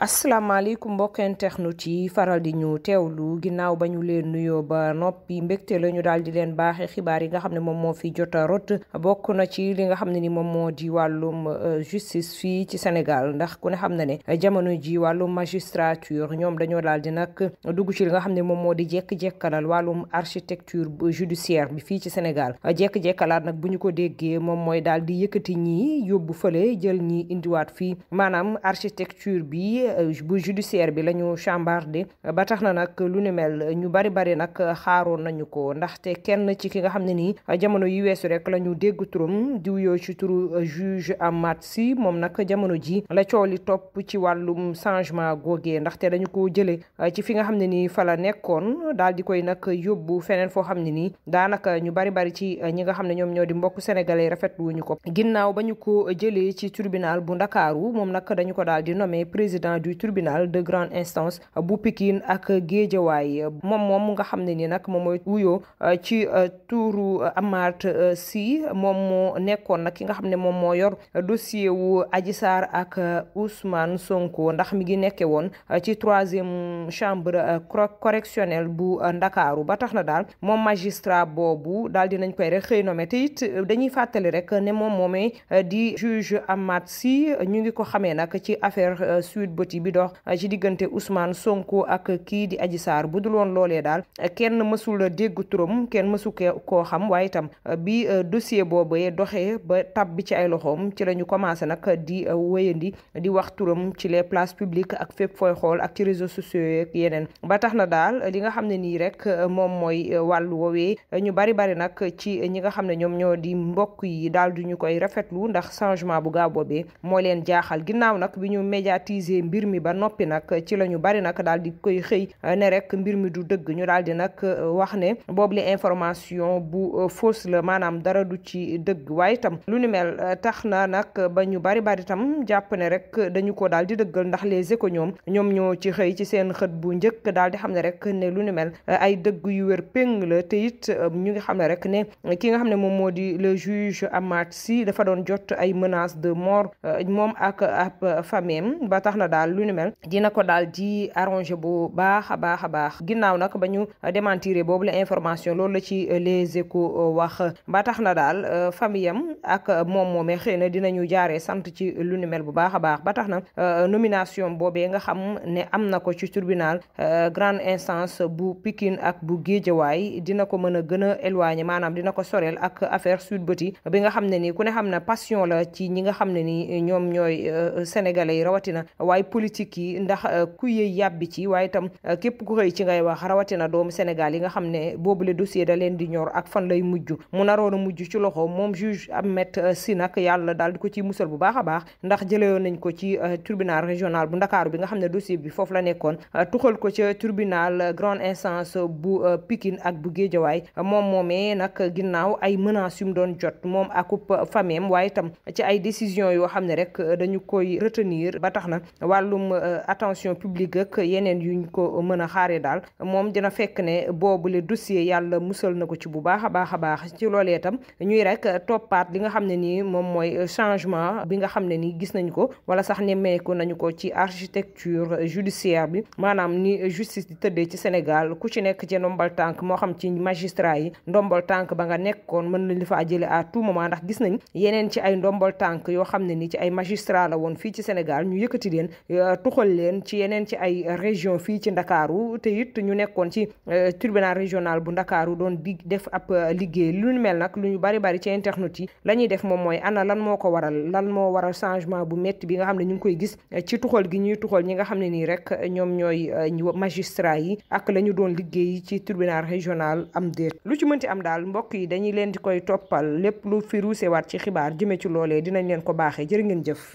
asalaamaaleykum mbokk internet ci faral di ñu lu ginnaaw ba ñu leen nuyoo ba noppi mbégte la ñu daal di leen baaxee xibaar yi nga xam ne moom moo fi jot a na ci li nga xam ne ni moom moo di wàllum euh, justice fii ci Sénégal ndax ku ne xam na ne jamono ji wàllum magistrature ñoom dañoo daal di nag dugg ci li nga xam ne moom moo di jekk-jekkalal wàllum architecture judiciaire bi fii ci Sénégal jekk-jekkalaat nag bu ñu ko déggee moom mooy daal di yëkkati ñii yóbbu fële jël ñi indiwaat fii maanaam architecture bi Euh, bu judiciaire bi la ñu ba tax na nag lu ni mel ñu bari bari nag xaaroon nañu ko ndaxte kenn ci ki nga xam ne ni jamono yu weesu rek la ñu dégg turam di wuyoo ci turu juge Amath Sy moom nag jamono ji la coow li topp ci wàllum changement googee ndaxte dañu ko jëlee euh, ci fi nga xam ne ni fa la nekkoon dal di koy nag yóbbu feneen foo xam ne ni daanaka ñu bari bari ci euh, ñi nga xam ne ñoom ñoo di mbokk sénégalais rafetlu wuñu ko ginnaaw ba ñu ko jëlee ci tribunal bu Ndakaaru moom nag dañu ko daal di nommé président du tribunal de grande instance bu Pikine ak Géejawaay moom moom nga xam ne ni nag moom mooy wuyoo euh, ci euh, tuuru euh, Amart Sy moom moo nekkoon nag ki nga xam ne moom moo yor dossier wu Adji Sarr ak Ousmane Sonko ndax mi ngi nekke woon ci troisième chambre correctionnelle bu Ndakaaru ba tax na daal moom magistrat boobu daal dinañ koy rek xëy nommé te it dañuy fàttali rek ne moom moomee di juge Amart Sy ñu ngi ko xamee nag ci affaire Sweet Beauté yëkkati bi dox ci diggante Ousmane Sonko ak kii di Adji saar bu dul woon loolee daal kenn mësul dégg turam kenn mësu koo xam waaye tam bi euh, dossier boobu doxee ba tab bi ci ay loxoom ci la ñu commencé nag di euh, wéyandi di wax turam ci les place publiques ak fépp fooy xool ak ci réseaux sociaux yeneen ba tax na daal li nga xam ne nii rek euh, moom mooy wàllu woowee ñu bari bari nag ci ñi nga xam ne ñoom ñoo di mbokk yi daal duñu ñu koy rafetlu ndax changement bu gaaw boobee mbir mi ba noppi nag ci la ñu bari nag daal di koy xëy eh, ne rek mbir mi du dëgg ñu daal nag eh, wax ne boobu li information bu eh, fausse la maanaam dara du ci dëgg waaye itam lu ni mel tax na nag ba ñu bari bari tam jàpp ne rek dañu ko daal di dëggal ndax les échos ñoom ñoom ñoo ci xëy ci seen xët bu njëkk daal di xam ne rek ne lu ni mel ay dëgg yu wér péng la te it ñu ngi xam ne rek ne ki nga xam ne moom moo di le juge Amat si dafa doon jot ay menaces de mort moom ak ab famille ba tax na daal daal lu ni mel dina ko daal di arrangé bu baax a baax a baax ginnaaw nag ba ñu démentiré boobu la information loolu la ci euh, les échos euh, wax ba tax na daal euh, famille am ak moom moomee xëy na dina ñu jaaree sant ci lu ni mel bu baax a baax ba tax na nomination boobee nga xam ne am na ko ci tribunal grande instance bu Pikine ak bu Géejawaay dina ko mën a gën a éloigné maanaam dina ko soreel ak affaire Sweet Beauty bi nga xam ne nii ku ne xam ne passion la ci ñi nga xam ne nii ñoom ñooy sénégalais politique yi ndax euh, ku yëy yàbbi ci waaye itam euh, képp ku xëy ci ngay wax rawatina doomu Sénégal yi nga xam ne boobu boobule dossier da leen di ñor ak fan lay mujj mu naroon a mujj ci loxo moom juge Ahmed euh, Sy nag yàlla daal di ko ci musal bu baax a baax ndax jëlewoon nañ ko ci tribunal régional bu Ndakaaru bi nga xam ne dossier bi foofu la nekkoon tuxal ko ca tribunal grande instance bu pikin ak bu Géejawaay moom moomee nag ginnaaw ay menaces yu mu doon jot moom akub fameem waaye itam ci ay décision yoo xam ne rek dañu koy retenir ba tax na wàllum euh, attention publique yeneen yu ñu ko mën a xaare daal moom dina fekk ne boobule dossier yàlla musal na ko ci bu baax a baax a baax ci loolee itam ñuy rek toppaat li nga xam ne nii moom mooy changement bi nga xam ne nii gis nañ ko wala sax nemmeeku nañu ko ci architecture judiciaire bi maanaam ni justice di tëddee ci Sénégal ku ci nekk ci ndombal tànk moo xam ci magistra yi ndombal tànk ba nga nekk koon mën nañ li fa jële à tout moment ndax gis nañ yeneen ci ay ndombal tànk yoo xam ne ni ci ay magistrat la fii ci Sénégal Euh, tuxal leen ci yeneen ci ay région fii ci ndakaaru te it ñu nekkoon ci euh, tribunal régional bu ndakaaru doon di def ab euh, liggéey lu ñu mel nag lu ñu bari bari ci internet yi la ñuy def moom mooy ana lan moo ko waral lan moo waral changement bu métti bi nga xam ne ñu ngi koy gis ci tuxal gi ñuy tuxal ñi nga xam ne nii rek ñoom ñooy magistrat yi ak la ñu doon liggéey ci turbinal régional am déet lu ci mënti am daal mbokk yi dañuy leen di koy toppal lépp lu fi ruusewaat ci xibaar jëme ci loolee dinañ leen ko baaxee jërë ngeen jëf